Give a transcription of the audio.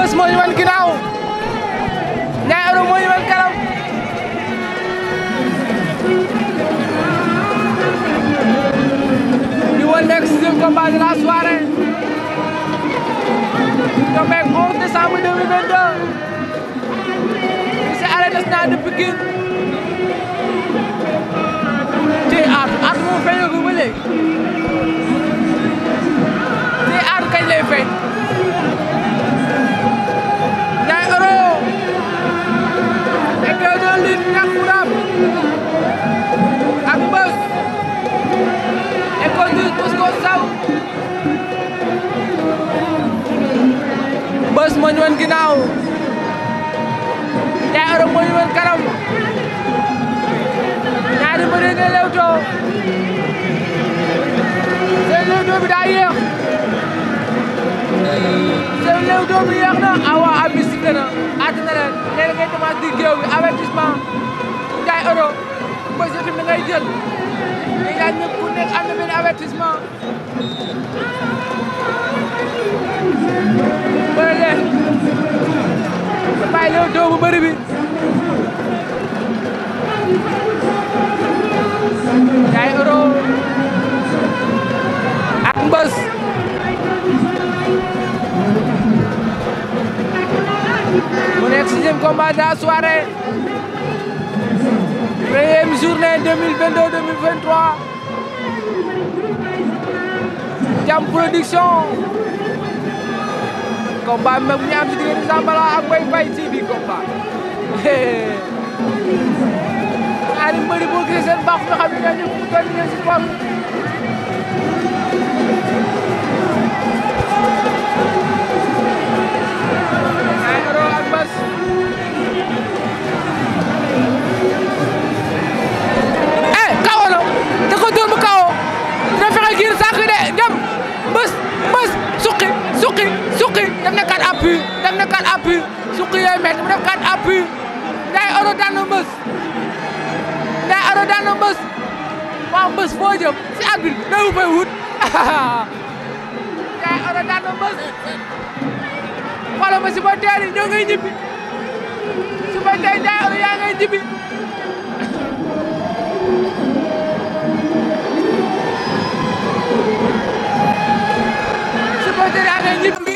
mbës moo ñu wan ginnaaw Ndiaye Euro moo ñu wan kanam di wan nekk sixième combat de la soirée tombeeg 11 décembre 2022 ci arène nationale de Pikine ci at at wan ginnaaw Ndiaye Europe moo ñu ñaari mbër yi ngay lewtoo seen bi daa yéex seen lewtoo bi yéex na ah awa abi sifflé na àtt na leen di géew bi avertissement Ndiaye Europe positif bi ngay jël léegi daal ñëpp ku nekk am na benn dox bu bëri bi Ndiaye Euro ak Mbeuss mu nekk sixième combat de la soirée première journée Jam Production combat bi nag mu ngi am ci diggante Zambala ak Mbaye Faye ci biir combat ñaari mbëri boo gisee seen baax nga xam quatre appuis Ndiaye Euro daan na mbës Ndiaye Euro daan na mbës waaw si arbitre bi fay wut Ndiaye Euro daan na mbës ma si ba teel ñoo ngay ñibbi si ba tey Ndiaye Euro yaa ngay ñibbi